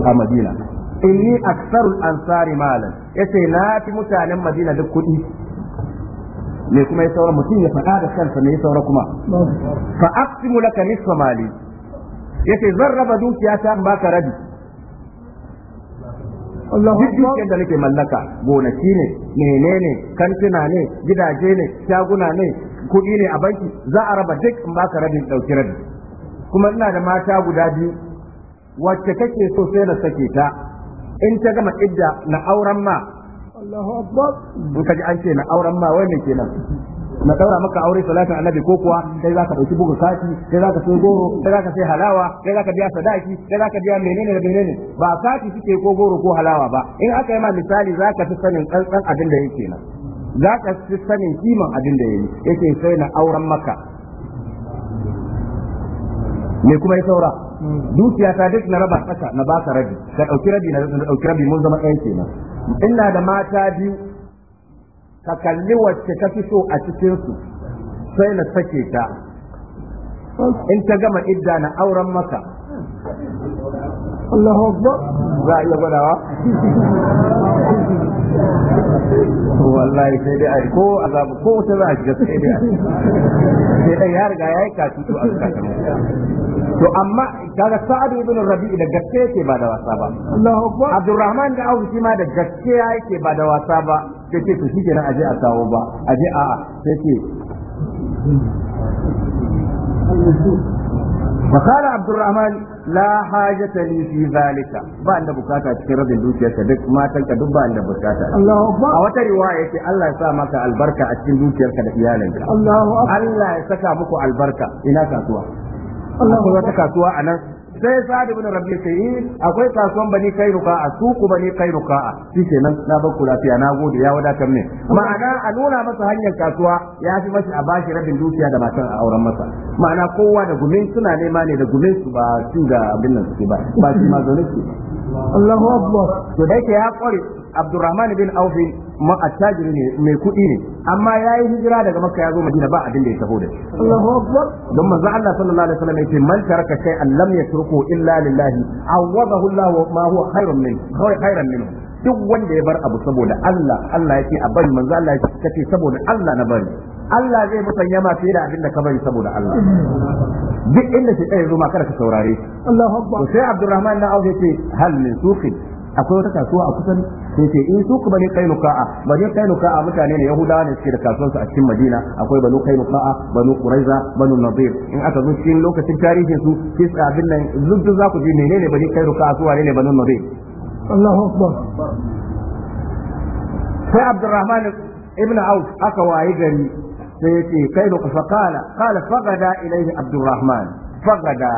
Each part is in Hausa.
a madina inni aksarul ansari malan yace na fi mutanen madina duk kuɗi me kuma ya saura mutum ya faɗa da kansa me ya saura kuma fa aqsimu laka nisfa mali yace zan raba dukiya ta ba ka rabi duk dukiyar da nake mallaka gonaki ne menene kantina ne gidaje ne shaguna ne kuɗi ne a banki za a raba duk in ba ka rabi ɗauki rabi kuma ina da mata guda biyu wacce kake so sai na sake ta in ta gama idda na auren ma Allahu akbar in ka ji an ce na auren ma wai ne kenan na daura maka aure salatin annabi ko kuwa sai zaka dauki bugu kati sai zaka sai goro sai zaka sai halawa sai zaka biya sadaki sai zaka biya menene da menene ba kati suke ko goro ko halawa ba in aka yi ma misali zaka fi sanin tsantsan abin da yake nan zaka fi sanin kiman abin da yake yake sai na auren maka me kuma ya saura dukiya ta duk na raba tsaka na baka rabi ka dauki rabi na dauki rabi mun zama ɗaya kenan ina da mata biyu ka kalli wacce ka fi so a cikin su sai na sake ta in ta gama idda na auren maka Allahu Akbar za a iya gwadawa wallahi sai dai ai ko azabu ko wata za a shiga sai dai sai dai ya riga yi kasu to a ka to amma daga sa'ad ibn rabi'i da gaske yake ba da wasa ba Allahu akbar Abdurrahman da Abu ma da gaske yake ba da wasa ba sai ce to nan aje a kawo ba aje a a sai ce فقال عبد الرحمن la hajata fi zalika ba da bukata cikin rabin dukiyarka duk matan ka duk ba da bukata a wata riwaya yake Allah ya sa maka albarka a cikin dukiyarka da iyalanka. Allah ya saka muku albarka ina kasuwa akwai wata kasuwa a nan sai sa'ad ibn rabi ce eh, akwai kasuwan bani kairuka a suku bani kairuka nan na bar lafiya na gode ya wadatar ne ma'ana a nuna masa hanyar kasuwa ya fi mashi a bashi rabin dukiya da matan a auren masa ma'ana kowa da gumin suna nema ne da gumin su ba cin da abin nan suke ba ba su ma zaune su Allahu akbar to da yake ya kware Abdurrahman bin Auf ma attajiri ne mai kuɗi ne amma yayi hijira daga Makka ya zo Madina ba abin da ya taho da shi Allahu Akbar don manzo Allah sallallahu alaihi wasallam yace man taraka shay'an lam yatruku illa lillahi awadahu Allah ma huwa khairun min khairan minhu duk wanda ya bar abu saboda Allah Allah yake a bari manzo Allah yake kace saboda Allah na bari Allah zai musanya ma fiye da abin da ka bari saboda Allah duk inda shi ya zo ma kada ka saurare Allahu Akbar sai Abdurrahman na auke ce hal min suqin akwai wata kasuwa a kusan sai ce in eh, suku bani kainu ka'a bani kainu ka'a mutane ne yahudawa ne suke da kasuwansu a cikin madina akwai banu kainu ka'a banu quraiza banu nadir in aka zo cikin lokacin tarihin su sai abin nan zuddun za ku ji menene bani kainu ka'a su wane ne banu nadir Allahu akbar sai Abdurrahman ibn Auf aka wayi gari sai yace kainu fa qala qala faqada ilayhi Abdurrahman fagada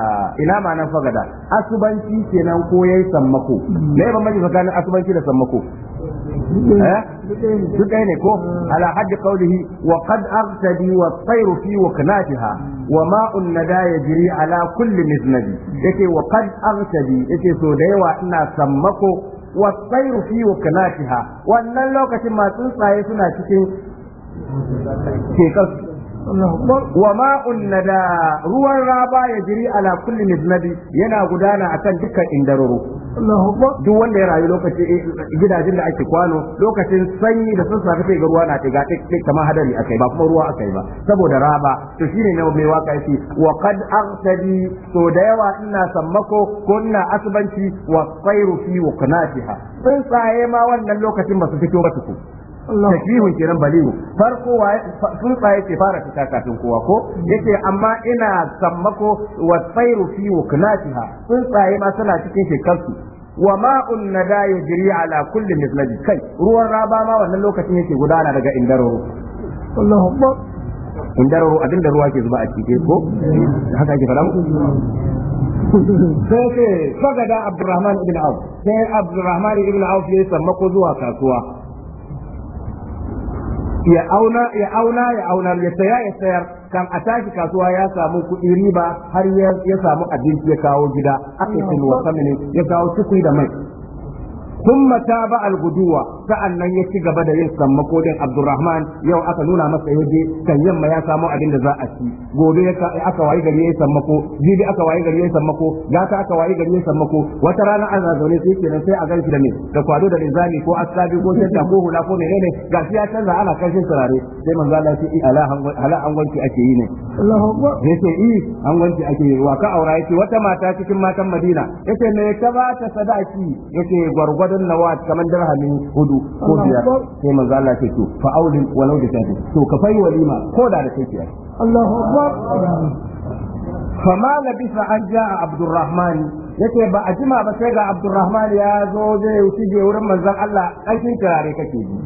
ina nan fagada asubanci kenan ko yayi sammako me bambanci tsakanin asubanci da sammako eh? duk ɗaya ne ko ala haddi qawlihi wa qad aghtadi wa tayru fi waknatiha wa ma'un nada yajri ala kulli miznadi yake wa qad aghtadi yake so da yawa ina sammako wa tayru fi waknatiha wannan lokacin ma tsuntsaye suna cikin kekar wa ma'un da ruwan raba ya jiri ala kullum nidnabi yana gudana akan dukkan indararo duk wanda ya rayu lokacin eh, gidajen da ake kwano lokacin sanyi da sun saka ga ruwa na tiga tik kamar hadari akai ba kuma ruwa akai ba saboda raba to shine ne mai waka yace wa qad da yawa ina sammako ko ina asbanci wa tsairu fi sun tsuntsaye ma wannan lokacin ba su fito ba tuku tashbihun kenan baligu farko tsuntsa yake fara fita kafin kowa ko mm. yake amma ina sammako wa tsairu fi wuknatiha tsuntsaye ma suna cikin shekarsu wa ma'un nada jiri ala kullum mislaji kai ruwan raba ma wannan lokacin yake gudana daga indararo Allahu abin da abinda ruwa ke zuba a cikin ko mm. haka ke faɗa mm. sai ce fagada Abdurrahman ibn Auf sai Abdurrahman ibn Auf ya sammako zuwa kasuwa ya auna ya auna ya auna ya saya ya sayar kan a tashi kasuwa ya samu kuɗi riba har ya samu abinci ya kawo gida aka yi wa ya kawo cikui da mai ba al guduwa. nan ya ci gaba da yin sammako din Abdurrahman yau aka nuna masa yaje kan yamma ya samu abin da za a ci gobe aka wayi gari yayin sammako jibi aka wayi gari yayin sammako gata aka wayi gari yayin sammako wata rana ana zaune sai kenan sai a ganshi da me da kwado da Nizami ko asabi ko shadda ko hula ko menene gashi ya canza ana kashin turare sai manzo Allah ya ce ala angwanci ake yi ne Allahu Akbar yace i angwanci ake yi wa ka aura yace wata mata cikin matan Madina yace me ta ba ta sadaki yace gwargwadon nawat kaman dirhamin hudu hudu ko biyar sai manzo Allah ce to fa walau da kafir to ka fai walima ko da da kai kiyar Allahu akbar fama labisa an ja'a Abdurrahman yake ba a jima ba sai ga Abdurrahman ya zo zai shige wurin manzon Allah aikin kirare kake ji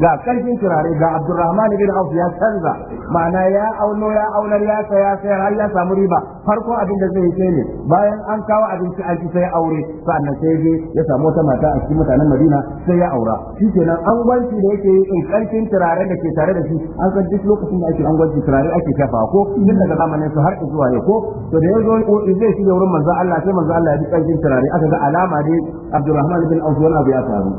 ga karfin turare ga Abdurrahman bin Auf ya canza ma'ana ya auno ya aunar ya saya sayar har ya samu riba farko abin da zai yi ne bayan an kawo abinci an ci sai aure sannan sai je ya samu wata mata a cikin mutanen Madina sai ya aura shikenan angwanci da yake yi karfin turare da ke tare da shi an san duk lokacin da ake angwanci turare ake kafa ko tun daga zamanin su har zuwa yau ko to da yazo zai shi wurin manzo Allah sai manzo Allah ya bi karfin turare aka ga alama dai Abdurrahman bin Auf wani abu ya faru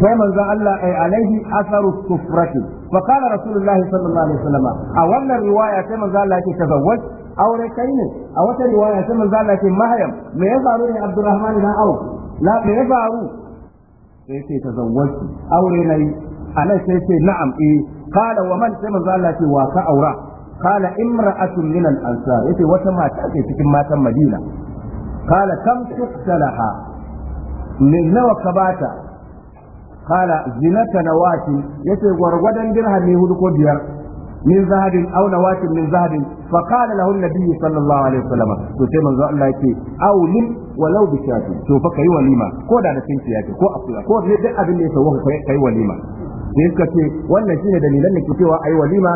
sai manzon Allah ai alaihi asaru kufrati fa qala rasulullahi sallallahu alaihi wasallam a wannan riwaya sai manzon Allah yake tazawwaj aure kai ne a wata riwaya sai manzon Allah yake mahayam me ya faru ne Abdurrahman dan Auf la me ya faru sai ce tazawwajtu aure nayi alai sai sai na'am eh qala wa man sai manzon Allah yake wa ka aura qala imra'atun min al-ansar yace wata mata ce cikin matan Madina qala kam tuqtalaha min nawa ka bata qala zinata nawati yace gwargwadon dirhami hudu ko biyar min zahadin aw nawatin min zahadin fa qala lahu an sallallahu alaihi wasallam to sai manzo Allah yake aw lim walau bi shati to fa kai walima ko da da tinki yake ko akuya ko duk abin da ya sauka kai walima sai suka ce wannan shine dalilan da ke cewa ayi walima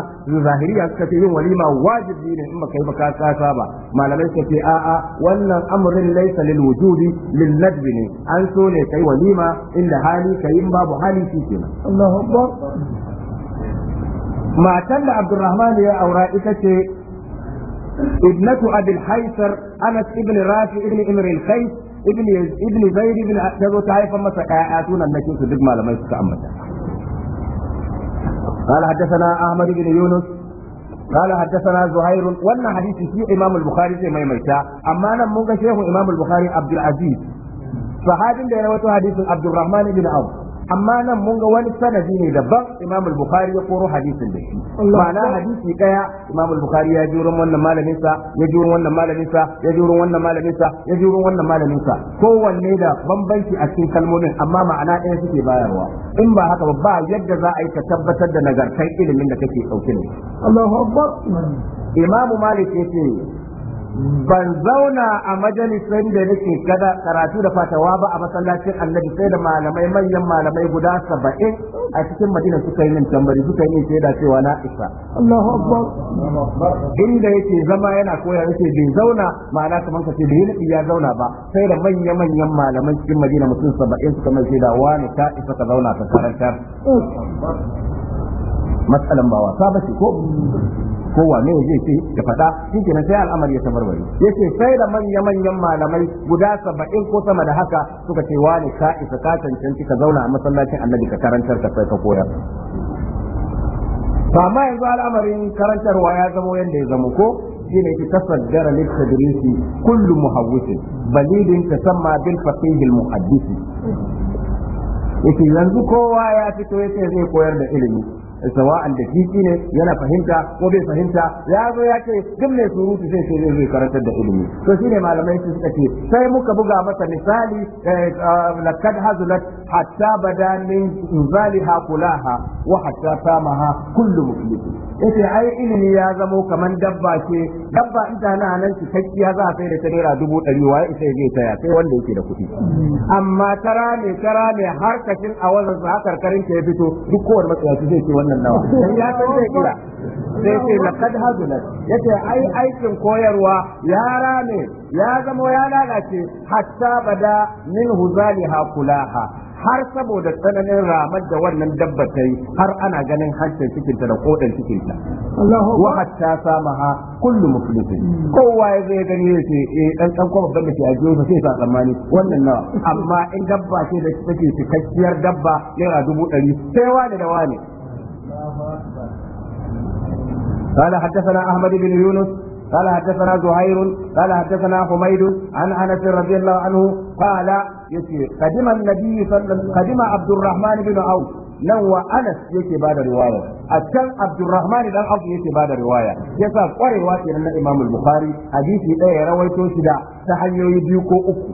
zahiriya suka ce yin walima wajibi ne in baka yi baka ba malamai suka ce a'a wannan amrin laysa lil wujudi lil nadbi ne an so ne kai walima inda hali kai in babu hali shi kenan Allahu akbar matan da Abdurrahman ya aura ita ce ابنة أبي الحيثر أنس ابن رافع ابن إمر الخيس ابن ابن زيد بن تعرف متى آتونا النكيس بالمال ما يستعمل قال حدثنا احمد بن يونس قال حدثنا زهير وان حديث في امام البخاري زي ما ميتا اما انا مو شيخ امام البخاري عبد العزيز صحابي ده رواه حديث عبد الرحمن بن عوف amma nan mun ga wani sanadi ne daban Imam al-Bukhari ya koro hadisin da shi ma'ana hadisi daya Imam al-Bukhari ya ji wurin wannan malamin sa ya ji wurin wannan malamin sa ya ji wurin wannan malamin sa ya ji wurin wannan malamin sa kowanne da bambanci a cikin kalmomin amma ma'ana ɗaya suke bayarwa in ba haka ba yadda za a yi ka tabbatar da nagartar ilimin da kake dauke ne Allahu Akbar Imam Malik yake. ban zauna a majalisar da nake kada karatu da fatawa ba a masallacin annabi sai da malamai manyan malamai guda saba'in a cikin madina suka yi min tambari suka yi min shaida cewa na isa Allahu akbar inda yake zama yana koya yake bai zauna ma'ana kamar ka ce bai ya zauna ba sai da manya manyan malamai cikin madina mutum saba'in suka mai shaida wani ta isa ka zauna ka karantar oh. matsalan ba wasa ba ce ko ko ne zai ce ya faɗa shikenan sai al'amar ya tabarbare ce sai da manya manyan malamai guda saba'in ko sama da haka suka ce wani ka isa ka cancanci ka zauna a masallacin annabi ka karantar ka sai ka koyar ma yanzu al'amarin karantarwa ya zamo yadda ya zamo ko shi ne ki tasaddara kullum tadrisi kullu muhawwisin balidin tasamma bil fasihil muhaddisi yake yanzu kowa ya fito ya ce zai koyar da ilimi sawa'an da kiki ne yana fahimta ko bai fahimta ya zo ya ce duk mai surutu sai sai zai karantar da ilimi to shine malamai su suka ce sai muka buga masa misali eh, eh, lakad hazulat hatta bada min zaliha kulaha wa hatta samaha kullu muflis yace ai ilimi ya zamo kaman dabba ce dabba in ta na nan cikakkiya za a sai da ta naira dubu ɗari wa isa zai taya sai wanda yake da kuɗi amma tara ne tara ne har kashin a wajen sa karkarin ke fito duk kowane matsayaci zai ce wannan wannan nawa ya san zai kira sai ce laqad hazunat yace ai aikin koyarwa ya rame ya zama ya lalace hatta bada min huzaliha kulaha har saboda tsananin ramar da wannan dabba ta yi har ana ganin hancin cikinta da kodan cikinta wa hatta samaha kullu muflisin kowa ya zai gani ya ce eh dan dan ko babban da ke ajiyo sa sai sa tsammani wannan nawa amma in dabba ce da take cikakkiyar dabba naira dubu ɗari sai wani da wani قال حدثنا احمد بن يونس قال حدثنا زهير قال حدثنا حميد عن انس رضي الله عنه قال قدم النبي صلى قدم عبد الرحمن بن عوف نوى انس yake bada riwaya a can Abdurrahman dan Auf yake bada riwaya yasa kwarewa kenan na Imam Bukhari hadisi ɗaya ya rawaito shida ta hanyoyi biyu ko uku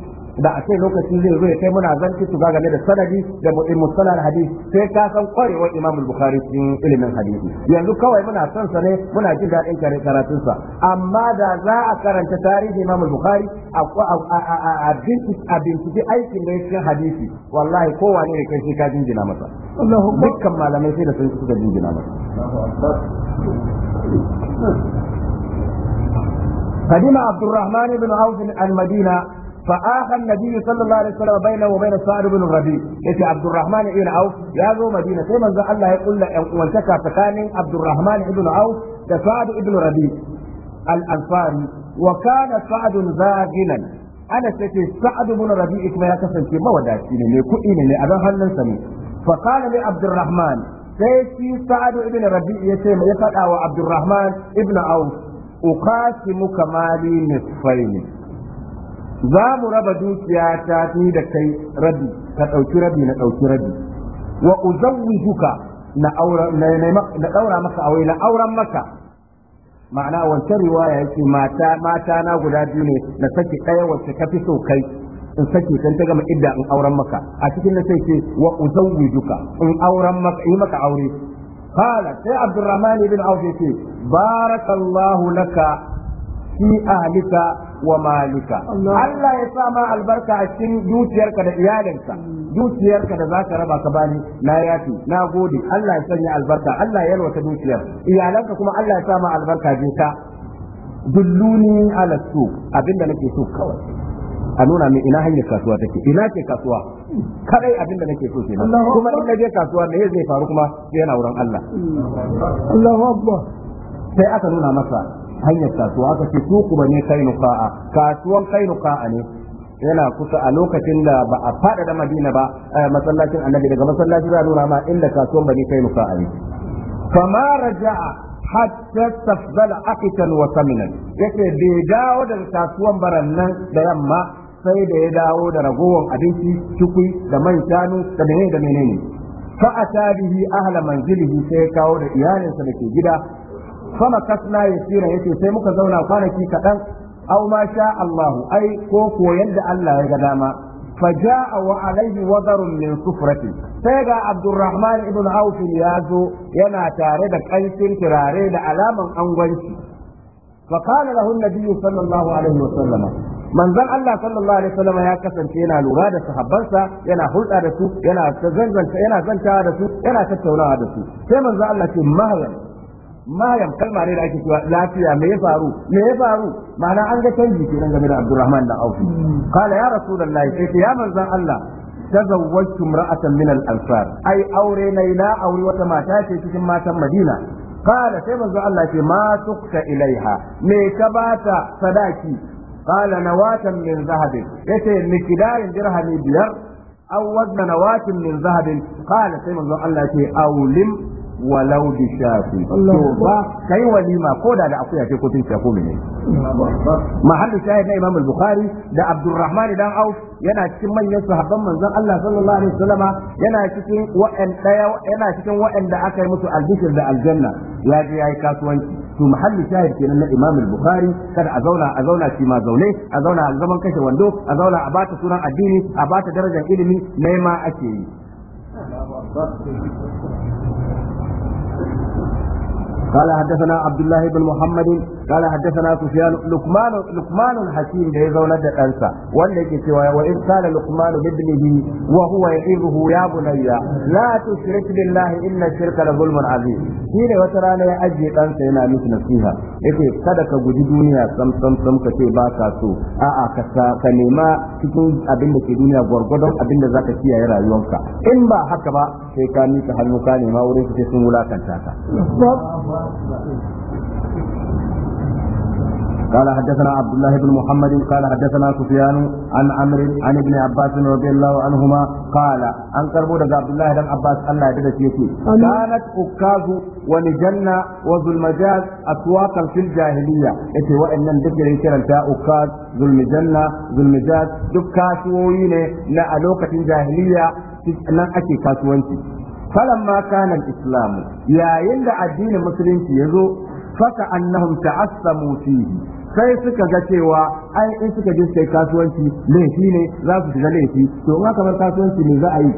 da a ce lokaci zai zo ya kai muna zanci su game da sanadi da mustalar hadisi sai ka san kwarewa Imam Bukhari cikin ilimin hadisi yanzu kawai muna son sa ne muna jin daɗin karatun sa amma da za a karanta tarihi Imam Bukhari a binciki aikin da cikin hadisi wallahi kowane ne kai sai ka jinjina masa dukkan malamai sai da sun suka jinjina masa قدم عبد الرحمن بن عوف المدينه فآخى النبي صلى الله عليه وسلم بينه وبين سعد بن الربيع يتي عبد الرحمن بن عوف يا ذو مدينة كما زال الله يقول وانتكى فكان عبد الرحمن بن عوف سعد بن ربيع الأنصاري وكان سعد ذاهنا ana ce ce sa'ad ibn rabi'i kuma ya kasance mawadaci ne mai kuɗi ne a hannun hannunsa ne fa qala li abdurrahman sai shi sa'ad ibn rabi'i ya ce ya faɗa wa abdurrahman ibn auf uqasimu kamali za mu raba dukiya ta ni da kai rabi ka ɗauki rabi na ɗauki rabi wa uzawwijuka na aura na daura maka aure na auren maka ma'ana wancan riwaya yake mata mata na guda biyu ne na saki ɗaya wacce ka fi so kai in saki kan ta gama idda in auren maka a cikin na sai ce wa uzawwijuka in auren maka yi maka aure qala sai abdurrahman ibn auf yace barakallahu laka fi ahlika wa malika Allah ya sa ma albarka a cikin dukiyarka da iyalinka hmm. dukiyarka da zaka raba ka bani na yafi na gode Allah ya sanya albarka Allah ya yalwata dukiyar iyalanka kuma Allah ya sa ma albarka je ka dulluni ala su abinda nake so kawai a nuna min ina hanyar kasuwa take ina ke kasuwa kadai abinda nake so kenan kuma in je kasuwa me zai faru kuma yana wurin Allah hmm. Allahu akbar sai aka nuna masa hanyar kasuwa ka ce ba ne nuka'a kasuwan kai nuka'a ne yana kusa a lokacin da ba a fada da madina ba a eh, masallacin annabi daga masallacin za nuna ma inda kasuwan bani nuka'a ne fama raja'a hatta Tafzal akitan wa saminan yace bai dawo daga kasuwan baran da yamma sai da ya dawo da ragowar abinci tukui da man shanu da menene da menene fa ata bihi ahla manzilihi sai kawo da iyalinsa da ke gida fama kasna ya ce sai muka zauna kwanaki kaɗan aw ma sha Allah ai ko ko yadda Allah ya ga dama فجاء وعليه وذر من صفرة سيغا عبد الرحمن ابن عوف يازو ينا تارد كنسين تراريد علاما أنغنسي فقال له النبي صلى الله عليه وسلم manzon Allah sallallahu alaihi wasallam ya kasance yana lura da sahabbansa yana hulɗa da su yana zanzanta yana da su yana tattaunawa da su sai manzon Allah ce mahalan maryam kalma ne da ake cewa lafiya me ya faru me ya faru ma'ana an ga canji ke nan game da abdurrahman dan auf Kala ya rasulullahi sai ya manzan allah tazawwajtu imra'atan min al-ansar ai aure na ila aure wata mata ce cikin matan madina Kala sai manzan allah ce ma tukta ilaiha me ka bata sadaki kala nawatan min zahabin yace mikidarin dirhami biyar aw wazna nawatin min zahabin Kala sai manzon allah ce aulim walau bi shafi to ba kai walima ko da da akuya ce ko tun ce ko mene mahallu shahid na Imam al-Bukhari da Abdurrahman dan Auf yana cikin manyan sahabban manzon Allah sallallahu alaihi wasallama yana cikin wa'an daya yana cikin da aka yi musu albishir da aljanna ya je yayi kasuwanci to mahallu shahid kenan na Imam al-Bukhari kada a zauna a zauna shi ma zaune a zauna a zaman kashe wando a zauna a bata sunan addini a bata darajar ilimi nema ake yi قال حدثنا عبد الله بن محمد قال حدثنا سفيان لقمان لقمان الحكيم ده يزول ده أنسى ولا يكتوى وإذ قال لقمان لابنه وهو يعظه يا بني لا تشرك بالله إن الشرك لظلم عظيم شيء وترانا يا أجي أنسى هنا مثل فيها yake kada ka guji duniya sam sam sam ba ka so a'a kasa ka nema cikin abin da ke duniya gwargwadon abin da zaka kiyaye rayuwarka in ba haka ba sai ka mika hannu ka nema wurin su sun wulakanta ka قال حدثنا عبد الله بن محمد قال حدثنا سفيان عن عمرو عن ابن عباس رضي الله عنهما قال عن كربو دغ عبد الله بن عباس الله يدد كانت أكاز ولجنة وذو المجاز أسواقا في الجاهلية إتي وإن ذكر كرنتا أكاز ذو المجنة ذو المجاز دكاسوين لألوكة جاهلية nan ake kasuwanci فلما كان الإسلام يا يند الدين المسلم يزو فكأنهم تعثموا فيه sai suka ga cewa ai in suka je sai kasuwanci laifi ne za su shiga laifi to in aka kasuwanci ne za a yi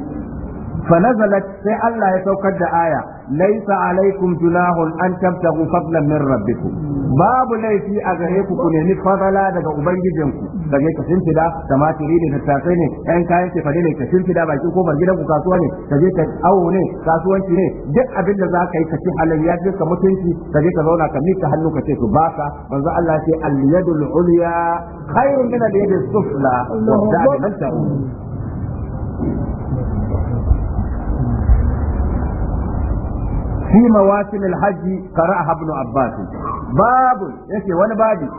فنزلت سي الله يتوكد آية ليس عليكم جناح أن تبتغوا فضلا من ربكم باب ليس أغريكم كنين فضلا دقا أبنج جنكم دقا كسنت دا كما تريد تتاقيني أن كاين تفديني كسنت دا باكي كوبا جنكم كاسواني تجيك أوني كاسواني ني جد أبن لذا كي على الياد لك متنسي تجيك زونا كميك تحلو كسيك باسا منذ الله سي اليد العليا خير من اليد السفلى وذلك في مواسم الحج قرأها ابن عباس باب يكي وانا بادي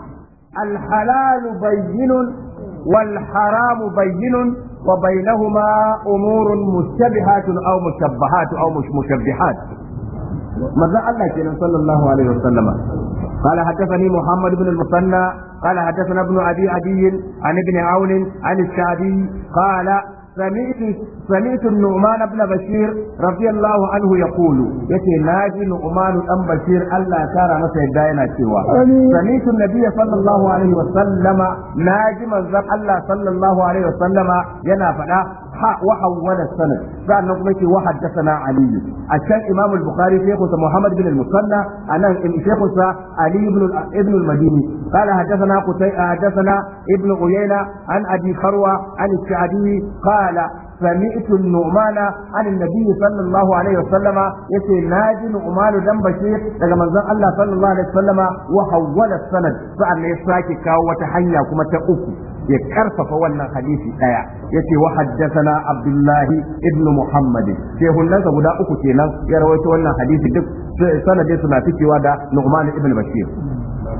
الحلال بين والحرام بين وبينهما أمور مشتبهات أو مشبهات أو مش مشبهات ماذا لك صلى الله عليه وسلم قال حدثني محمد بن المثنى قال حدثنا ابن أبي عدي عن ابن عون عن الشعبي قال سمعت سمعت النعمان بن بشير رضي الله عنه يقول يتي ناجي نعمان بن بشير ألا ترى مسا يداينا سوى سمعت النبي صلى الله عليه وسلم ناجي من الله صلى الله عليه وسلم ينا فدا وحول السند فأنا قلت وحدثنا علي عشان إمام البخاري شيخ محمد بن المثنى أنا شيخ علي بن ابن المديني قال حدثنا حدثنا ابن عيينة عن أبي خروة عن الشعبي قال سمعت النعمان عن النبي صلى الله عليه وسلم يتي ناجي نعمان دم بشير daga manzon Allah sallallahu alaihi wasallama wa hawwala sanad sa'an ne sake kawo wata hanya kuma ta uku ya karfafa wannan hadisi daya yace wa haddathana abdullah ibn muhammad shehunansa guda uku kenan ya rawaito wannan hadisi duk sanadin suna fikewa da nu'man ibn bashir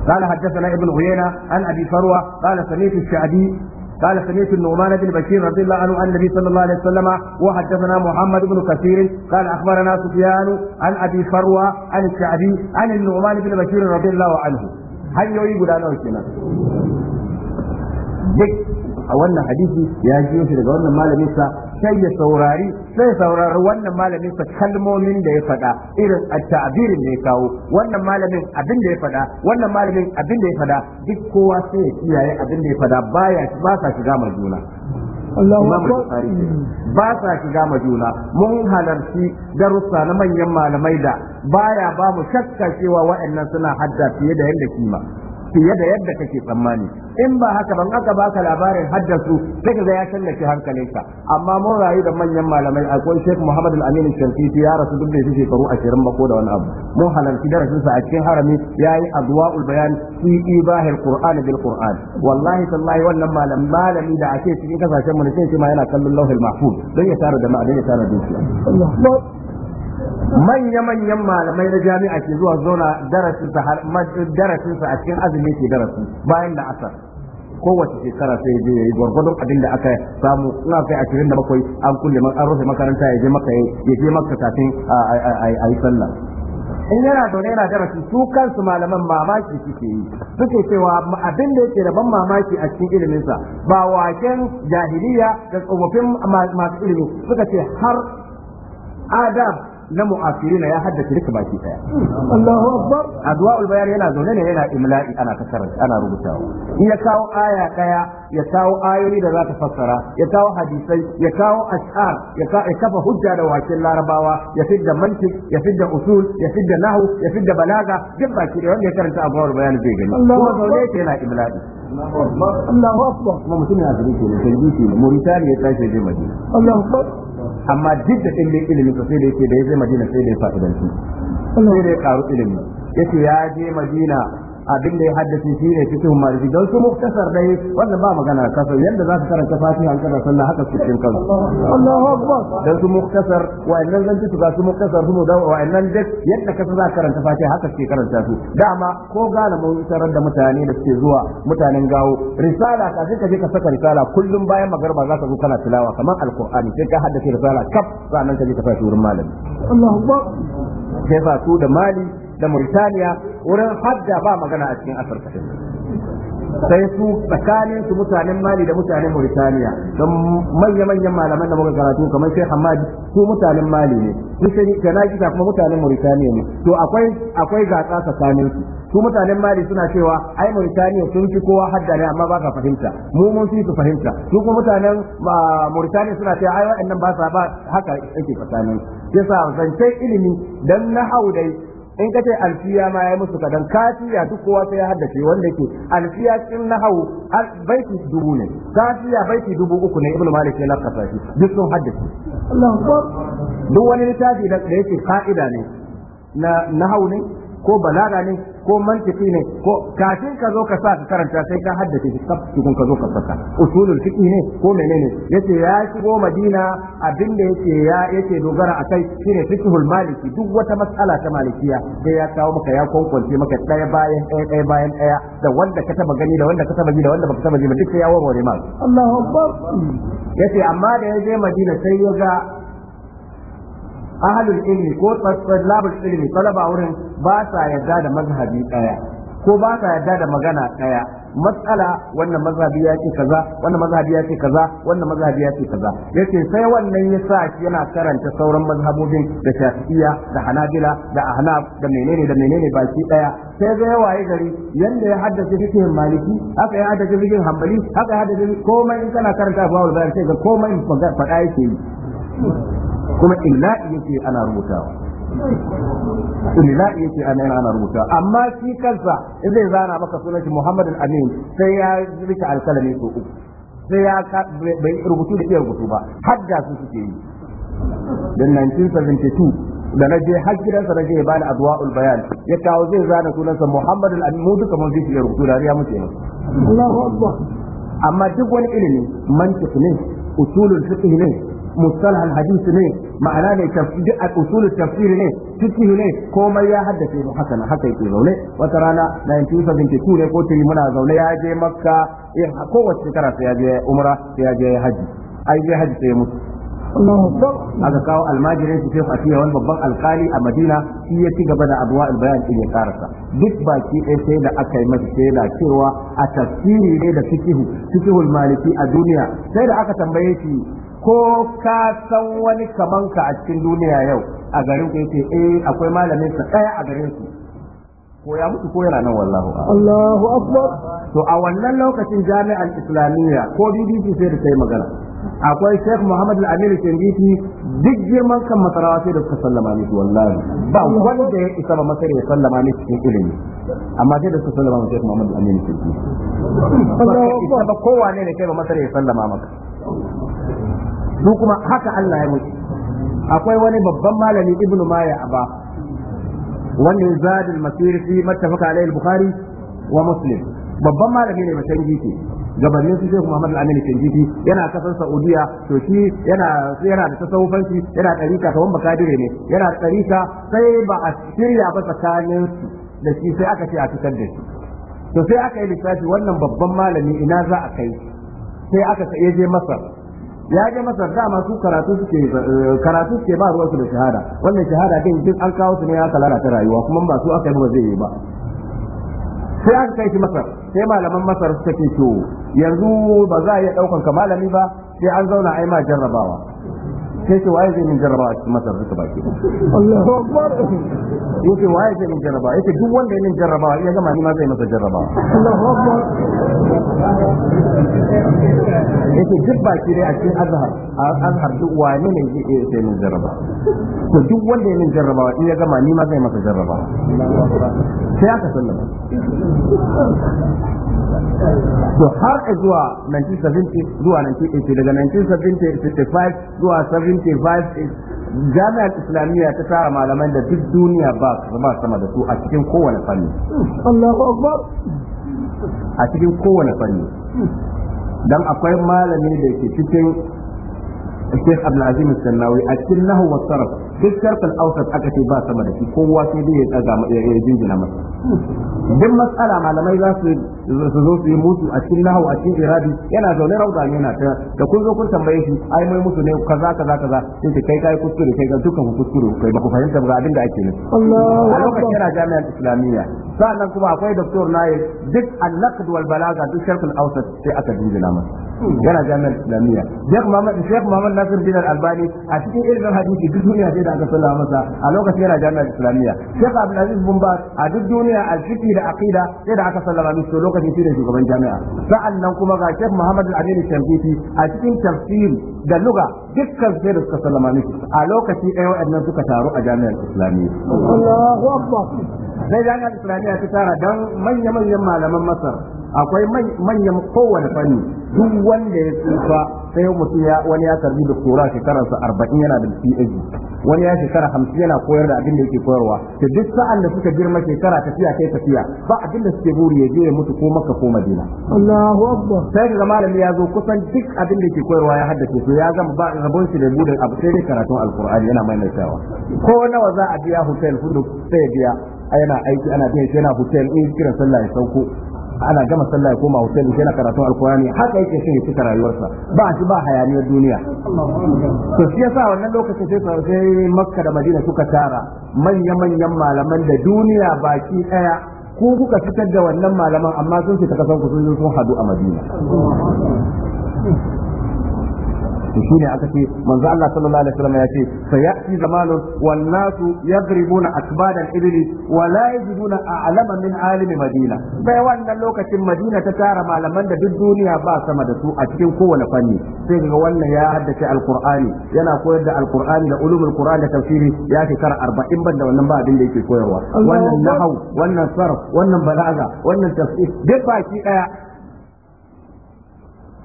قال حدثنا ابن عيينة عن أبي فروة قال سمعت الشعبي قال سمعت النعمان بن بشير رضي الله عنه عن النبي صلى الله عليه وسلم وحدثنا محمد بن كثير قال اخبرنا سفيان عن ابي فروه عن الشعبي عن النعمان بن بشير رضي الله عنه هل يريد ان duk a wannan hadisi ya ji shi daga wannan malamin sa sai ya saurari sai ya saurari wannan malamin sa kalmomin da ya faɗa irin at-ta'birin da ya kawo wannan malamin abin da ya faɗa wannan malamin abin da ya faɗa duk kowa sai ya kiyaye abin da ya faɗa baya ba sa shiga ma juna ba sa shiga majuna mun halarci darussa na manyan malamai da baya ba mu shakka cewa waɗannan suna hadda fiye da yadda kima fiye da yadda kake tsammani in ba haka ban aka baka labarin haddasu sai ka ya tallake sa amma mun rayu da manyan malamai akwai Sheikh Muhammad Al-Amin ya rasu duk da yake shekaru 20 ba ko da wani abu mun halarci darasin sa a cikin harami yayi adwaul bayan fi ibahil qur'an bil qur'an wallahi tallahi wannan malam malami da ake cikin kasashen mu ne sai ma yana kallon lauhil mahfuz dan ya tara da ma'adin ya tara dukiya manya-manyan malamai na jami'a ke zuwa zauna darasinsa a cikin azumi ke darasi bayan da asar kowace shekara sai je yayi gwargwadon abin da aka samu ina kai cikin da bakwai an kulle an rufe makaranta ya je maka ya je maka kafin a yi sallah in yana zaune yana darasi su kansu malaman mamaki suke yi suke cewa abin da yake da ban mamaki a cikin iliminsa ba waken jahiliya da tsofaffin masu ilimi suka ce har adab na mu'asirina ya haddace duka baki daya Allahu akbar adwa'ul bayan yana zaune ne yana imla'i ana ta ana rubutawa in ya kawo aya daya ya kawo ayoyi da za ta fassara ya kawo hadisai ya kawo ashar ya kafa hujja da wakil larabawa ya fidda mantik ya fidda usul ya fidda nahu ya fidda balaga duk baki da wanda ya karanta abuwar bayani zai gani kuma zaune yake yana ibla'i Allahu akbar kuma mutum ya zuri ke ne sai shi ne Mauritania ya tashi je Madina Allahu akbar amma duk da ilimin ilimin sai da yake da ya je Madina sai da ya fa'idanci sai da ya karu ilimi yace ya je Madina abin da ya haddace shi ne fi cikin marfi don su muktasar dai wannan ba magana kasar yadda za ka karanta fatiha an kana sallah haka su cikin kansu Allahu akbar dan su muktasar wa'annan zan su ga su muktasar su da wa'annan duk yadda ka za ka karanta fatiha haka suke karanta su dama ko gane mun tarar da mutane da suke zuwa mutanen gawo risala kafin ka je ka saka risala kullum bayan magariba za ka zo kana tilawa kamar alqur'ani sai ka haddace risala kaf sannan ka je ka fara wurin malami Allahu akbar sai ba su da mali da Mauritania wurin hadda ba magana a cikin Afirka sai su tsakanin su mutanen Mali da mutanen Mauritania don manya manyan malaman da muka karatu kamar Sheikh Hamad su mutanen Mali ne su Shanaki kuma mutanen Mauritania ne to akwai akwai gatsa tsakanin su su mutanen Mali suna cewa ai Mauritania sun fi kowa hadda ne amma ba ka fahimta mu mun fi su fahimta su kuma mutanen ah, Mauritania suna cewa ai wa'annan ba sa ba haka yake tsakanin yasa zance ilimi dan nahau dai in ka ce alfiya ma ya musu kadan kafiya duk kowa sai ya haddace wanda yake alfiya cikin nahawu baiti dubu ne kafiya baiti dubu uku ne ibnu malik ya lakasa shi duk sun haddace duk wani littafi da yake ka'ida ne na nahawu ne ko balaga ne ko mantiki ne ko kafin ka zo ka sa ka karanta sai ka haddace shi kaf tukun ka zo ka saka usulul fiqh ne ko menene yace ya shigo Madina abin da yake ya yake dogara akai shine fiqhul maliki duk wata mas'ala ta malikiya sai ya kawo maka ya kwankwance maka daya bayan daya bayan daya da wanda ka taba gani da wanda ka taba ji da wanda baka taba ji ba duk sai ya warware ma Allahu akbar yace amma da ya je Madina sai ya ga ahalul ilmi ko talabul ilmi talaba wurin ba sa yarda da mazhabi daya ko ba sa yarda da magana daya matsala wannan mazhabi ya ce kaza wannan mazhabi ya ce kaza wannan mazhabi ya ce kaza yace sai wannan ya sa shi yana karanta sauran mazhabobin da Shafi'iyya da Hanabila da Ahnaf da menene da menene baki daya sai ga waye gari yanda ya haddace fiqh Maliki haka ya haddace fiqh Hanbali haka ya haddace komai in kana karanta ba Hawar sai ga komai faɗa yake yi kuma imla'i yake ana rubutawa imla'i yake ana ana rubutawa amma shi kansa zai zana maka sunan shi Muhammad al-Amin sai ya al-kalami so uku sai ya bai rubutu da iya rubutu ba hadda su suke yi da 1972 da na je har gidansa na je ya bani adwa'ul bayan ya kawo zai zana sunansa Muhammad al-Amin mu duka mun ji shi rubutu da ya mutu Allahu akbar amma duk wani ilimi mantiq ne usulul fiqh ne مصطلح الحديث ليه معناه التفسير اصول التفسير ليه تفسيره ليه كما يا حدث ابن حسن حتى يقول ليه وترانا لا ينسى بن تقول ليه قلت لي منى زول يا مكه يا كو وتكرا يا عمره يا حج اي حج يا مصطلح aka kawo almajirin su Sheikh fiye wani babban alkali a Madina shi ya ci gaba da abuwa albayan din ya karasa duk baki ɗaya sai da aka yi masa shaida cewa a tafsiri ne da fikihu fikihul maliki a duniya sai da aka tambaye shi ko ka san wani kamanka a cikin duniya yau a garin ku yace eh akwai malamin sa daya a garin su. ko ya mutu ko yana nan wallahu Allahu akbar to a wannan lokacin jami'an islamiyya ko BBC sai da kai magana akwai Sheikh Muhammad Al-Amir Kindiki duk girman kan masarawa sai da suka sallama mishi wallahi ba wanda ya isa ba masar ya sallama mishi cikin ilimi amma sai da suka sallama mishi Sheikh Muhammad Al-Amir Kindiki ba kowane ne kai ba masar ya sallama maka duk kuma haka Allah ya mutu akwai wani babban malami Ibn Maya Aba wannan zadul masir fi mattafaqa alaihi bukhari wa muslim babban malami ne mashangi ke gabanin su Sheikh Muhammad Al-Amin Kinjiti yana kasar Saudiya to shi yana yana da tasawufanci yana tarika kaman bakadire ne yana tarika sai ba a shirya ba tsakanin su da shi sai aka ce a fitar da shi to sai aka yi lissafi wannan babban malami ina za a kai sai aka ya je Masar ya je masar dama su karatu suke eh, karatu suke ba ruwansu da shahada wannan shahada din duk an kawo su ne ya aka ta rayuwa kuma ba su aka yi ba zai yi ba sai aka kai shi masar sai malaman masar suka ce to yanzu ba za a iya daukan ka malami ba sai an zauna ai ma jarrabawa sai ce waye zai min jarraba a cikin masar duka baki Allahu akbar waye zai min jarraba yace duk wanda ya min ya gama ni ma zai masa jarraba Allahu akbar yace duk baki dai a cikin azhar azhar duk wani ne zai zai min jarraba to duk wanda ya min ya gama ni ma zai masa jarraba sai aka sallama to har zuwa 1970 zuwa 1980 daga 1975 zuwa 70 25 jami'ar islamiyya ta tara malaman da duk duniya ba su ba sama da su a cikin kowane fanni a cikin kowane fanni dan akwai malami da ke cikin Sheikh Abdul Sannawi a cikin nahwu wa sarf duk sharfin awsat aka ce ba sama da shi kowa sai dai ya daga ya jinjina masa duk matsala malamai za su su zo su yi musu a cikin nahawu a cikin iradi yana zaune rauda yana ta da kun zo kun tambaye shi ai mai musu ne kaza kaza kaza sai kai kai kuskure kai ga dukkan kuskure kai ba ku fahimta ba abin da ake nufi a lokacin yana jami'an islamiyya sa'annan kuma akwai doktor naye duk al-naqd wal balaga duk sharh al-awsat sai aka dinga masa yana jami'an islamiyya Sheikh Muhammad Sheikh Muhammad Nasir bin Al-Albani a cikin ilimin hadisi duk duniya sai da aka sallama masa a lokacin yana jami'an islamiyya Sheikh Abdulaziz bin Baz a duk duniya al-fiqh da aqida sai da aka sallama masa lokacin shi ne shugaban jami'a sa'an nan kuma ga Sheikh Muhammad al shanbiti, a cikin tafsiri da luga dukkan sai da suka sallama miki a lokaci ɗaya waɗannan suka taru a jami'ar Islamiyya Allahu Akbar sai jami'ar Islamiyya ta tara dan manya-manyan malaman Masar akwai manyan kowane fanni duk wanda ya tsufa sai mutum ya wani ya karbi da shekarar sa arba'in yana da PhD wani ya shekara hamsin yana koyar da abin da yake koyarwa to duk sa'an da suka girma shekara tafiya kai tafiya ba abin da suke buri ya je ya mutu ko maka ko madina Allahu akbar sai malami ya zo kusan duk abin da yake koyarwa ya haddace to ya zama ba rabon shi da budin abu sai dai karatun alkur'ani yana maimaitawa ko nawa za a biya hotel hudu sai biya yana aiki ana biyan shi yana hotel in eh, kiran sallah ya sauko ana gama sallah ya koma hotel na karatun alkurani haka yake shi ya cika rayuwarsa ba shi ba hayaniyar duniya to shi yasa wannan lokacin sai sai makka da madina suka tara manya manyan malaman da duniya baki daya ko kuka fitar da wannan malaman amma sun ce ta kasan ku sun hadu a madina shi shine aka ce manzo Allah sallallahu alaihi wasallam ya ce sayati zamanun wan nasu yagribuna akbadan ibli wa la yajiduna a'lama min alimi madina bai wannan lokacin madina ta tara malaman da duk duniya ba sama da su a cikin kowane fanni sai ga wannan ya haddace alqur'ani yana koyar da alqur'ani da ulumul qur'an da tafsiri ya shekara arba'in ban da wannan ba abin da yake koyarwa wannan nahau wannan sarf wannan balaga wannan tafsir duk baki daya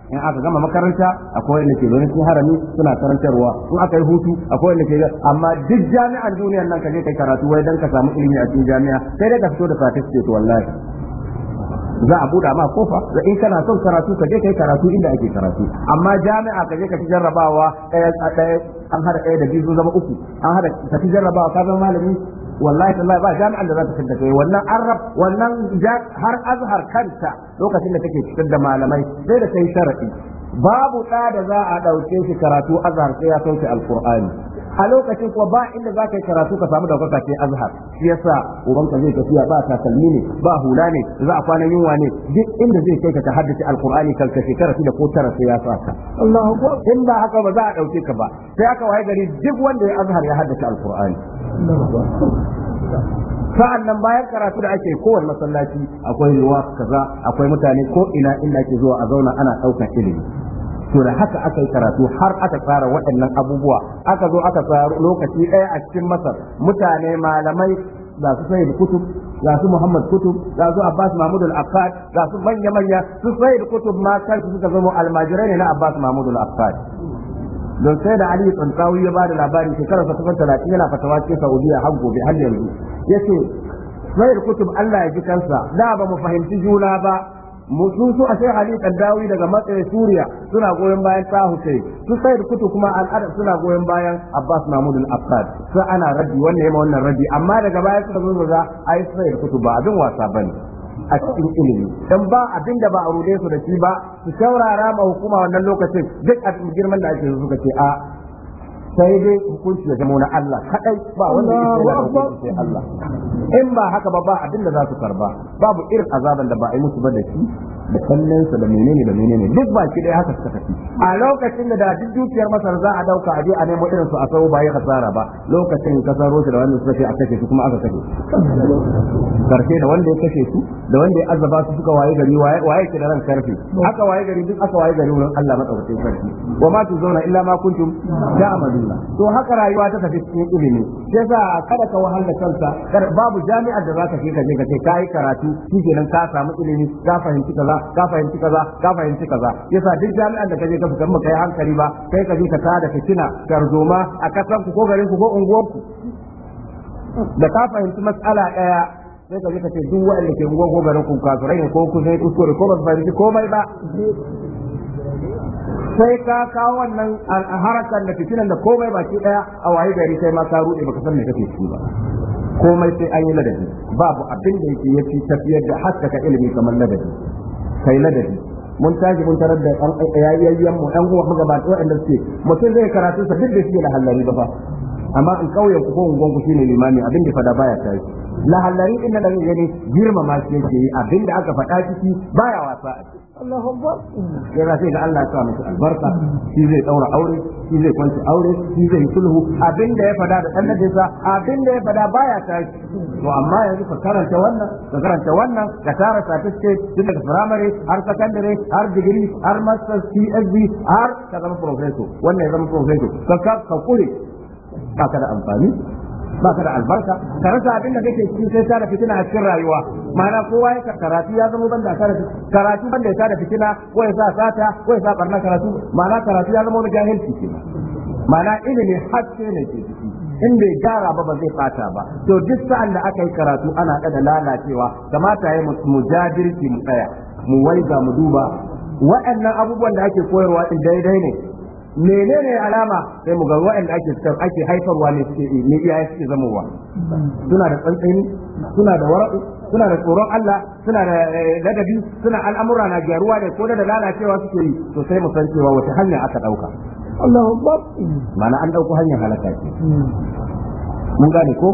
in aka gama makaranta akwai wanda ke zaune sun harami suna karantarwa in aka yi hutu akwai wanda ke amma duk jami'an duniyar nan ka je kai karatu wai dan ka samu ilimi a cikin jami'a sai dai ka fito da certificate wallahi za a buɗa ma kofa da in kana son karatu ka je kai karatu inda ake karatu amma jami'a ka je ka ci jarrabawa ɗaya an hada ɗaya da biyu zama uku an hada ka ci jarrabawa ka zama malami wallahi tallahi ba jami'an da za ta fitar da kai wannan arab wannan har azhar kanta lokacin da take fitar da malamai sai da kai sharadi babu da za a ɗauke shi karatu azhar sai ya sauke alkur'ani a lokacin kuwa ba inda za ka yi karatu ka samu daukaka ke azhar shi yasa ubanka zai tafiya ba takalmi ne ba hula ne za a kwana yunwa ne duk inda zai kai ka ta haddace alqur'ani kan ka shekara da ko tara sai ya sa Allahu in ba haka ba za a dauke ka ba sai aka waye gari duk wanda ya azhar ya haddace alqur'ani sa'an nan bayan karatu da ake kowane masallaci akwai ruwa kaza akwai mutane ko ina inda ake zuwa a zauna ana ɗaukar ilimi to da haka aka yi karatu har aka tsara waɗannan abubuwa aka zo aka tsara lokaci ɗaya a cikin masar mutane malamai za su sayyid kutub za su muhammad kutub za su abbas mahmud al-affad su manya manya su sayyid kutub ma su suka zama almajirai ne na abbas mahmud al don sai da Ali Tsantsawi ya ba da labari shekarar sa kusan talatin yana fatawa cikin Saudiya har gobe har yanzu yace Sayar kutub Allah ya ji kansa da ba mu fahimci juna ba Mususu a sai Ali Kaddawi daga matsayin Suriya suna goyon bayan ta Hussein su Kutu kuma al'adar suna goyon bayan Abbas Mahmud al-Assad sai ana rabi wannan ma wannan rabi amma daga baya suka zo za yi da Kutu ba abin wasa ne. a cikin ilimi dan ba abin da ba a rude su da shi ba su saurara ma hukuma wannan lokacin duk a girman da ake suka ce a sai dai hukunci ya zama na Allah kadai ba wanda yake da hukunci sai Allah in ba haka ba ba abin da za su karba babu irin azaban da ba a yi musu ba da shi da kallonsa da menene da menene duk ba shi dai haka suka tafi a lokacin da da duk dukiyar masar za a dauka a je a nemo irin su a sau ba ya kasara ba lokacin kasaro shi da wanda suka ce a kashe su kuma aka kashe Karfe da wanda ya kashe su da wanda ya azaba su suka waye gari waye ki da ran karfe aka waye gari duk aka waye gari wurin Allah madaukakin sarki wa ma tu zauna illa ma kuntum ta'malu to haka rayuwa ta tafi cikin ilimi sai sa kada ka wahala kanka babu jami'ar da zaka je ka je ka ce kai karatu nan ka samu ilimi ka fahimci kaza ka fahimci kaza ka fahimci kaza yasa duk jami'ar da ka je ka fita maka yi hankali ba kai ka je ka tada fitina garzoma a kasan ku ko garin ku ko unguwar ku da ka fahimci matsala ɗaya sai ka je ka ce duk wanda ke unguwar ko garin ku kafirai ko ku kuskure ko ba su fahimci komai ba sai ka kawo wannan harakan da fitinan da komai baki daya a waye gari sai ma ka rude baka san me kake ciki ba komai sai an yi ladabi babu abin da yake ci tafiyar da ka ilimi kamar ladabi kai ladabi mun tashi mun tarar da an yayayyen mu ɗan uwa magabata waɗanda suke mutum zai karatu sa duk da shi da halali ba fa amma in kauyen ku ko ungon ku shine limami abin da fada baya tashi lahallari din da kake gani girmama shi yake yi abinda aka faɗa ciki baya wasa a ciki Allahu Akbar da Allah ya sa masa albarka shi zai daura aure shi zai kwanta aure shi zai sulhu abinda ya faɗa da dan da abinda ya faɗa baya tashi to amma yanzu ka karanta wannan ka karanta wannan ka tara certificate tun daga primary har secondary har degree har master's PhD har ka zama professor wannan ya zama professor ka ka kure ba ka da amfani baka da albarka ka rasa abin da kake cikin sai tara fitina a cikin rayuwa ma'ana kowa ya karatu ya zama banda tara karatu banda ya tara fitina ko ya sa sata ko ya sa barna karatu ma'ana karatu ya zama wani jahilci kenan ma'ana ilimi hakke ne ke ciki in bai gyara ba ba zai fata ba to duk sa'an da aka yi karatu ana kada lalacewa kamata ya mu jajirci mu tsaya mu waiga mu duba wa'annan abubuwan da ake koyarwa din daidai ne menene alama sai mu ga waɗanda ake ake haifarwa ne suke ne iyaye suke zamowa suna da tsantsani suna da wara'u suna da tsoron Allah suna da eh, ladabi suna al'amura na gyaruwa ne ko da lalacewa suke yi to sai mu san cewa wata hanya aka dauka Allahu Akbar mana an dauko hanyar halaka ce mun gane ko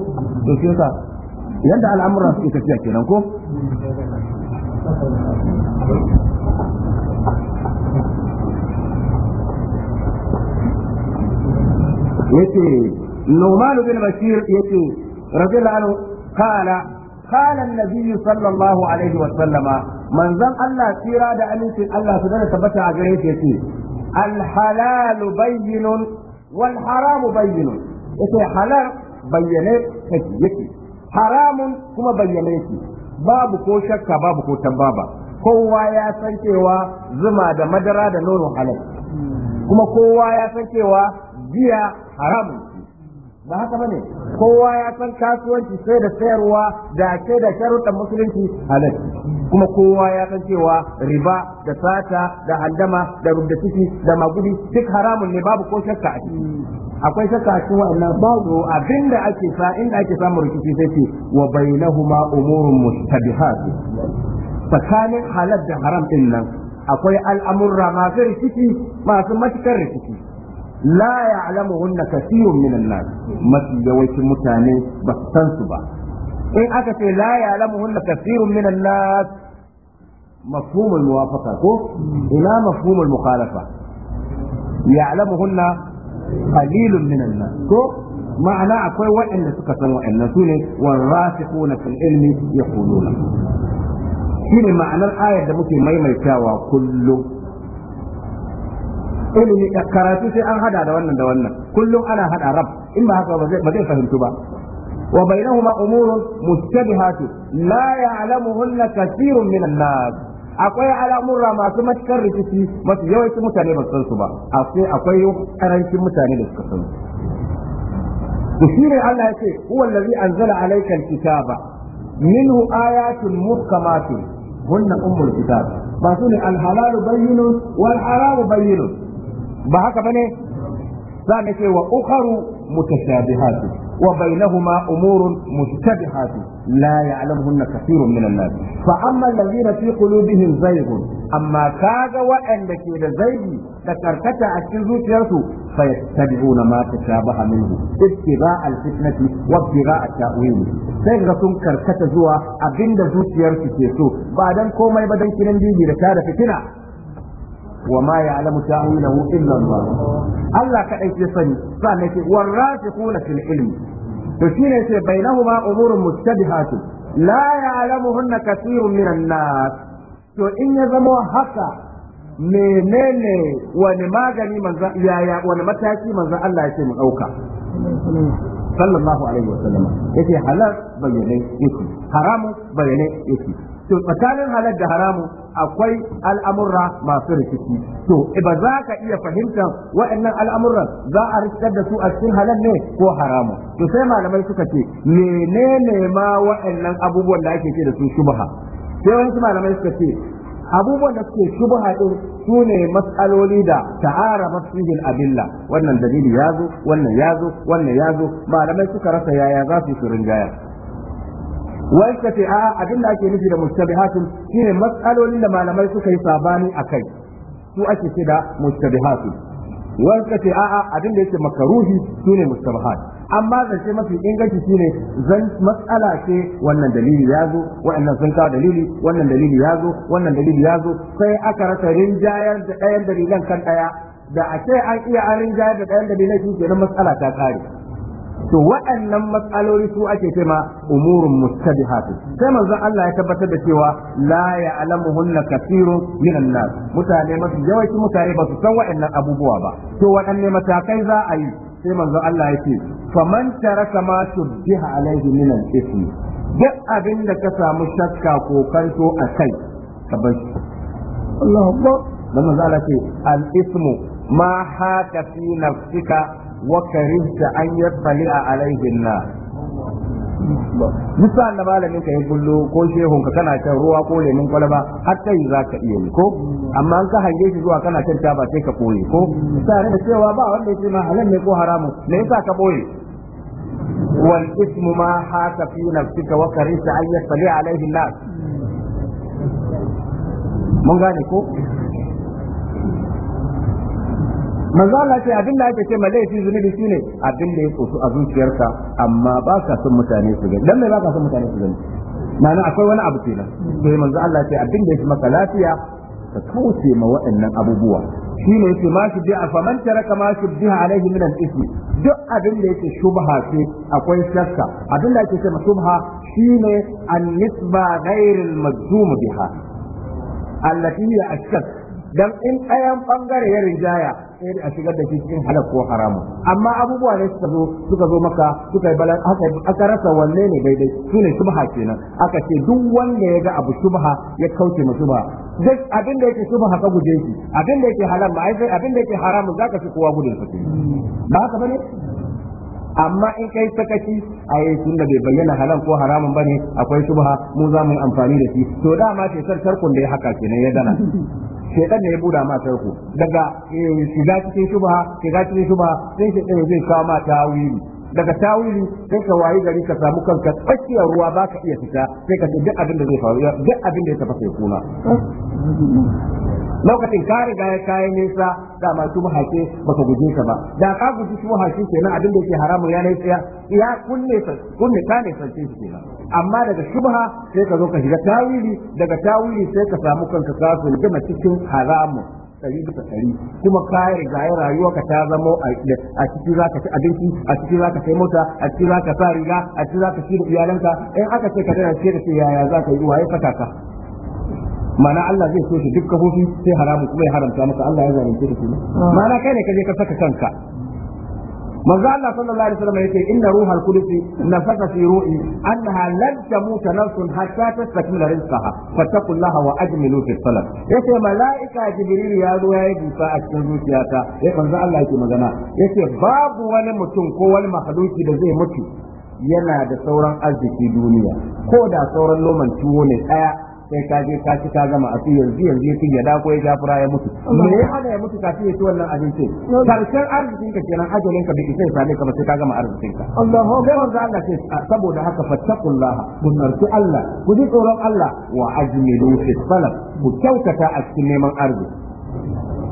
to shi yasa yanda al'amura suke tafiya kenan ko yace Nu'man bin Bashir yace radiyallahu anhu qala قال النبي صلى الله عليه وسلم من زم الله سيرا دا أمين الله سبحانه ثبت عجريت يتي الحلال بين والحرام بين يتي حلال yake يتي حرام كما بينات باب كو shakka باب كو تبابا kowa ya san cewa zuma da madara da nono halal kuma kowa ya san cewa Jiya haramun ce ba haka bane kowa ya san kasuwanci sai da sayarwa da sai da sharuɗan musulunci halal kuma kowa ya san cewa riba da sata da handama da rubda ciki da magudi duk haramun ne babu ko shakka a ciki akwai shakka a cikin wa'annan babu abinda ake sa inda ake samun rikici sai ce wa bainahuma umurun mustabihat tsakanin halar da haram din nan akwai al'amurra masu rikici masu matukar rikici la ya'lamuhunna kathirun minan nas mafi yawancin mutane ba su san ba in aka ce la ya'lamuhunna kathirun minan nas mafhumul muwafaqa ko ila mafhumul mukhalafa ya'lamuhunna qalilun minan nas ko ma'ana akwai waɗanda suka san waɗannan su ne warasikhuna fil ilmi shine ma'anar ayar da muke maimaitawa kullum ilimi eh, karatu sai an hada da wannan da wannan kullum ana hada rab in ba haka ba zai fahimtu ba وبينهما أمور مشتبهات لا يعلمهن كثير من الناس akwai al'amurra masu matukar rikici masu yawancin mutane ba san su ba akwai akwai karancin mutane da suka san su shine Allah ya ce huwa allazi anzala alayka alkitaba minhu ayatun muhkamatun hunna ummul kitab ba su ne alhalalu bayyinun wal haramu bayyinun ba haka bane za mu ce wa ukharu mutashabihatu wa bainahuma umurun mutashabihatu la ya'lamuhunna kathirun min an-nas fa amma alladhina fi qulubihim zaygun amma kaga waɗanda ke da zaibi da karkata a cikin zuciyarsu fa yattabi'una ma tashabaha minhu ittiba' al-fitnati wa ittiba' at-ta'wil sai ga sun karkata zuwa abinda zuciyarsu ke so ba dan komai ba dan kiran bibi da tada fitina wa ma ya'lamu ta'wilahu illa Allah Allah kadai ya sani sannan ke warasikhuna fil ilmi to shine sai bainahuma umurun mustabihatun la ya alamu ya'lamuhunna kathirun minan nas to in ya zama haka menene wani magani manzo yaya wani mataki manzo Allah yake mu dauka sallallahu alaihi wasallam yace halal bayyane yake haramu bayyane yake to tsakanin halal da haramu akwai al'amurra masu rikici to eh, ba za ka iya fahimtar waɗannan al'amuran za a rikitar da su a cikin halal ne ko haramu to sai malamai suka ce menene ma waɗannan abubuwan da ake ce da su shubha sai wani malamai suka ce abubuwan da suke shubha din su ne matsaloli da ta'ara mafihin abilla wannan dalili ya zo wannan ya zo wannan ya zo malamai suka rasa yaya za su yi su rinjaya wai ka a abin da ake nufi da mustabihatun shine matsalolin da malamai suka yi sabani a kai su ake ce da mustabihatun wai ka ce a abin da yake makaruhi shine mustabihat amma zance mafi inganci shine zan matsala ce wannan dalili ya zo wa'annan sun kawo dalili wannan dalili ya zo wannan dalili ya zo sai aka rasa rinjayar da ɗayan dalilan kan ɗaya da a an iya an rinjayar da ɗayan dalilan shi kenan matsala ta ƙare to waɗannan matsaloli su ake ce ma umurun mustabihatu sai manzon Allah ya tabbatar da cewa la ya'lamuhunna kathirun min an-nas mutane masu yawanci mutane ba su san waɗannan abubuwa ba to waɗanne matakai za a yi sai manzon Allah ya ce faman taraka ma shubbiha alaihi min al-ismi duk abin da ka samu shakka ko kanto akai. kai ka bar shi Allahu akbar manzon Allah ce al-ismu ma haka fi nafsika وكرهت أن يطلع عليه na. Musa da malamin ka yi gullo ko shehun ka kana shan ruwa ko lemin kwalaba har yi za ka iya yi ko amma an ka hange shi zuwa kana shan taba sai ka koye ko tare da cewa ba wanda ya ce ma halal ne ko haramun me yasa ka boye wal ismu ma haka fi nafsika wa karisa an li alaihi nas mun gane ko manzo Allah ce abin da ake ce ma laifi zunubi shine abin da ya koso a zuciyarka amma ba ka son mutane su gani dan mai ba ka son mutane su gani ma'ana akwai wani abu kenan sai manzo Allah ce abin da ya maka lafiya ka kauce ma waɗannan abubuwa shine yake ma shi bi fa man taraka ma shi bi alaihi min al ismi duk abin da yake shubha ce akwai shakka abin da yake ce ma shubha shine an nisba ghairil majzum biha allati hiya ashak dan in ɗayan bangare ya rinjaya sai a shigar da shi cikin halal ko haramu amma abubuwa ne suka zo suka zo maka suka yi bala, aka aka rasa wanne ne daidai su ne shubha kenan aka ce duk wanda ya ga abu shubha ya kauce ma shubha duk abin da yake shubha ka guje shi abin da yake halal ma ai abin da yake haramu zaka fi kowa gudun sa ba haka bane amma in kai sakaci a yi tun da bai bayyana halal ko haramun ba ne akwai shubha mu za mu amfani da shi to dama shekar tarkon da ya haka kenan ya dana ɗan da ya buda ma tarko daga eh, shiga cikin shubha shiga cikin shubha sai shekar zai kawo ma tawili daga tawili sai ka wayi gari ka samu kanka tsakiyar ruwa ba ka iya fita sai ka ce duk abin da zai faru duk abin da ya tafa sai kuna lokacin ka riga ya kayan nisa da ma shubha ba ka guje ka ba da ka guji su shi kenan abin da yake haramun ya nai tsaya ya kunne kunne ka ne sace kenan amma daga shubha sai ka zo ka shiga tawili daga tawili sai ka samu kanka kafin gama cikin haramun ɗari bisa ɗari kuma ka riga ya rayuwa ka ta zama a cikin za ka ci abinci a cikin za ka sai mota a cikin za ka sa riga a cikin za ka ci iyalanka in aka ce ka tana ce da ce yaya za ka yi ruwa ya fata ka ma'ana Allah zai so shi duk kafofi sai haramu kuma ya haramta maka Allah ya zalunce ka kuma ah. ma'ana kai ne ka je ka saka kanka manzo Allah sallallahu alaihi wasallam yace inna ruhal qudus nafasa fi ru'i annaha lan tamuta nafsun hatta tastakmila rizqaha fattaqullaha wa ajmilu fi salat yace malaika jibril ya zo yayi busa a cikin zuciyata ya manzo Allah yake magana yace babu wani mutum ko wani mahaluki da zai mutu yana da sauran arziki duniya ko da sauran loman tuwo ne daya sai ka je ka ci ka gama a yanzu yanzu ya ya da koyi ya shafura ya mutu me ya hada ya mutu kafin ya ci wannan abincin karshen arzikin ka kenan ajalin ka bai sai same ka ba sai ka gama arzikin ka Allahu akbar manzo Allah ce saboda haka fattaqullah kun narki Allah ku ji tsoron Allah wa ajmilu fi talab ku kyautata a cikin neman arziki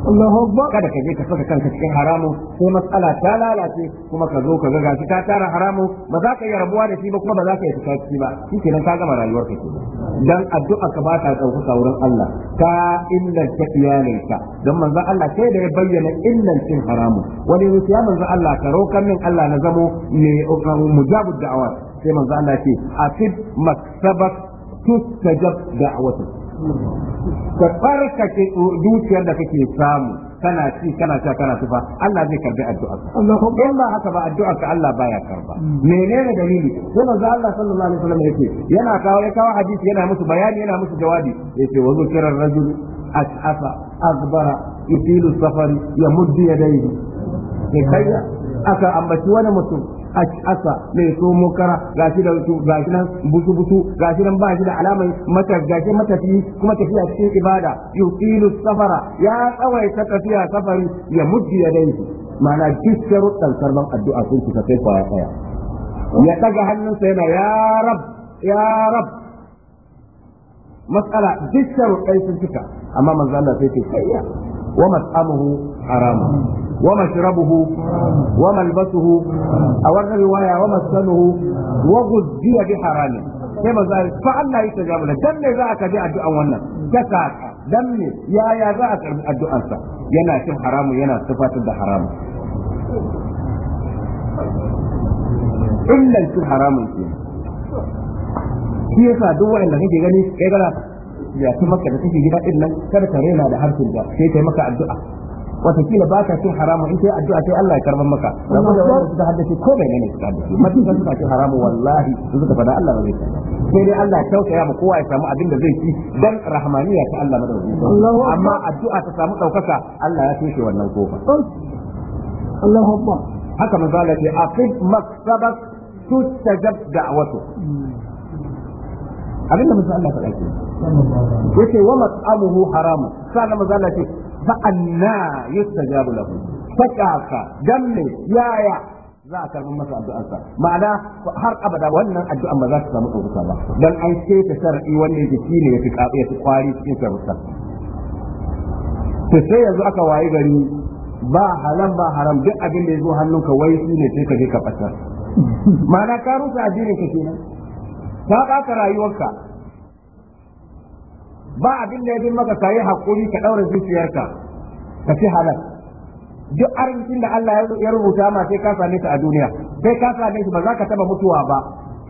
kada ka je ka saka kanka cikin haramu sai matsala ta lalace kuma ka zo ka ga gashi ta tara haramu ba za ka yi rabuwa da shi ba kuma ba za ka yi ba shi kenan ka gama rayuwar ka kenan dan addu'a ka ba ta ɗaukaka wurin Allah ta illanta iyalinka dan manzon Allah sai da ya bayyana illancin haramu wani ya manzon Allah ka rokan min Allah na zamo me ne da awa sai manza Allah ce afid da a da'watuk ka tsarkake dukiyar da kake samu kana ci kana sha kana tufa Allah zai karbi addu'a in ba haka ba addu'a ka Allah baya karba hmm. menene dalili sai manzo Allah sallallahu alaihi wasallam yake yana kawo ya kawo hadisi yana musu bayani yana musu jawabi yace wa zukira rajul as'afa akbara yutilu safari yamuddu yadayhi kai aka ambaci wani mutum a asa mai somo kara shi, da shi nan busu busu shi nan ba shi da alamai mata shi matafi kuma tafiya cikin ibada yuqilu safara ya tsawaita tafiya safari ya ya yadayhi ma'ana duk sharuɗan karban addu'a sun ci sai kwaya kaya ya daga hannunsa yana ya rab ya rab matsala duk sharuɗai sun cika amma manzo Allah sai ce kayya wa mas'amuhu haramun ومشربه وملبسه أو الرواية ومسكنه وغذي بحرام كما ذلك فعلا يستجاب له دم ذاك جاء الدعاء والنم كساك دم يا يا ذاك الدعاء ينا شم حرام ينا صفات حرام إلا شم حرام shi yasa duk wanda kake gani kai gara ya ci maka da kake gida din nan kada ka rena da harkin da sai kai maka addu'a watakila ba ka cin haramu. in sai addu'a sai Allah ya maka rabu da wanda haddace ko bai ne suka haddace mafi kan suka cin haramun wallahi su suka Allah ba zai sai dai Allah ya tausaya ma kowa ya samu abin da zai ci dan rahmaniya ta Allah madaukakin amma addu'a ta samu ɗaukaka Allah ya toshe wannan kofa Allahu Akbar haka tustajab da'watu abin da Allah yace wa sai fa anna yustajabu lahu sakaka gamme yaya za a karɓi masa addu'arsa ma'ana har abada wannan addu'an ba za ta samu ɗaukaka ba dan an ce ta wanda yake shine ya fi ya fi kwari cikin to sai yanzu aka wayi gari ba halal ba haram duk abin da ya zo hannunka wai ne sai ka je ka fasa ma'ana ka rusa addinin ka kenan ka ɓata rayuwarka ba abin da ya fi maka kayi hakuri ka daura zuciyarka ka fi halal duk arzikin da Allah ya rubuta ma sai ka same ta a duniya sai ka same shi ba za ka taba mutuwa ba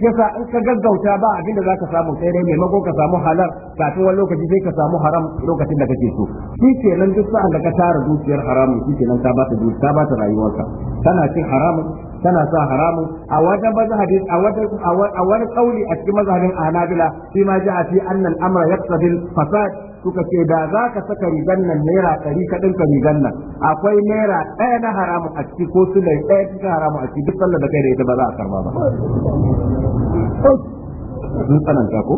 yasa in ka gaggauta ba abin da zaka samu sai dai maimakon ka samu halar kafin wani lokaci sai ka samu haram lokacin da kake so shi kenan duk sa'an da ka tara dukiyar haramun shi kenan ka ba ta ta ba ta rayuwarka tana cin haramun tana sa haramun a wajen mazhabi a wajen a wani kauli a cikin mazhabin anabila shi ma a fi annal amra yaqtadi fasad suka ce da za ka saka rigan nan naira ɗari ka ɗinka rigar nan akwai naira ɗaya na haramu a ciki ko su da ɗaya cikin haramu a ciki duk sallar da kai da ita ba za a karba ba. Sun tsananta ko?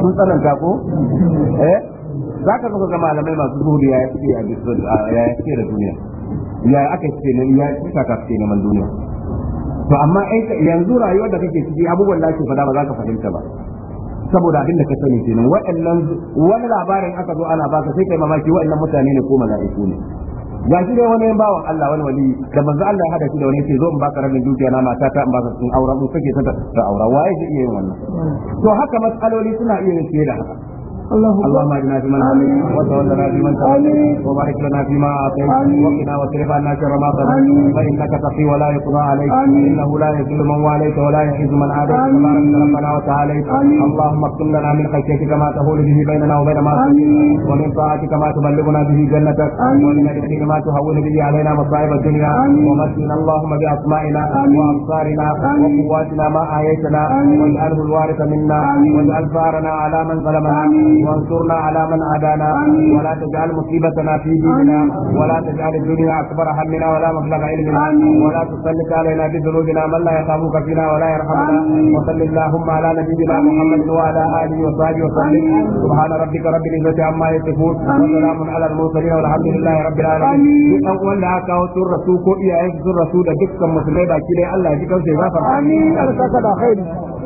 Sun tsananta ko? Eh? Za ka zama malamai masu zuhuri ya yi a da duniya. Ya aka ce ne ya yi kaka ce neman duniya. To amma yanzu rayuwar da kake ciki abubuwan da fada ba za ka fahimta ba. saboda abin da ka sani kenan wa'annan wani labarin aka zo ana baka sai kai mamaki wa'annan mutane ne ko mala'iku ne ga shi dai wani bawa Allah wani wali da manzo Allah ya hada shi da wani yake zo in baka rabin dukiya na mata ta in baka sun aura mu kake ta ta aura waye zai iya yin wannan to haka matsaloli suna iya yin fiye da haka اللهم, اجعلنا في من هديت وتولنا في من تولى وبارك لنا فيما اعطيت وقنا واصرف عنا شر ما قضيت فانك تقي ولا يقضى عليك انه لا يذل من واليت ولا يعز من عاديت تبارك ربنا وتعاليت اللهم اكتم لنا من خشيتك كما تهول به بيننا وبين ما ومن طاعتك ما تبلغنا به جنتك ومن اليقين ما تهون به علينا مصائب الدنيا ومسلنا اللهم باسمائنا وابصارنا وقواتنا ما احييتنا واجعله الوارث منا واجعل ثارنا على من ظلمنا وانصرنا على من عادانا ولا تجعل مصيبتنا في ديننا ولا تجعل الدنيا أكبر همنا ولا مبلغ علمنا ولا تسلط علينا بذنوبنا من لا يخافك فينا ولا يرحمنا وصل اللهم على نبينا محمد وعلى آله وصحبه وسلم سبحان ربك رب العزة عما يصفون وسلام على المرسلين والحمد لله رب العالمين أول لا كاو سر رسول كو إياه سر رسول دكتور مسلمي باكي الله يجيكم شيئا فرحاني أنا سأسأل خير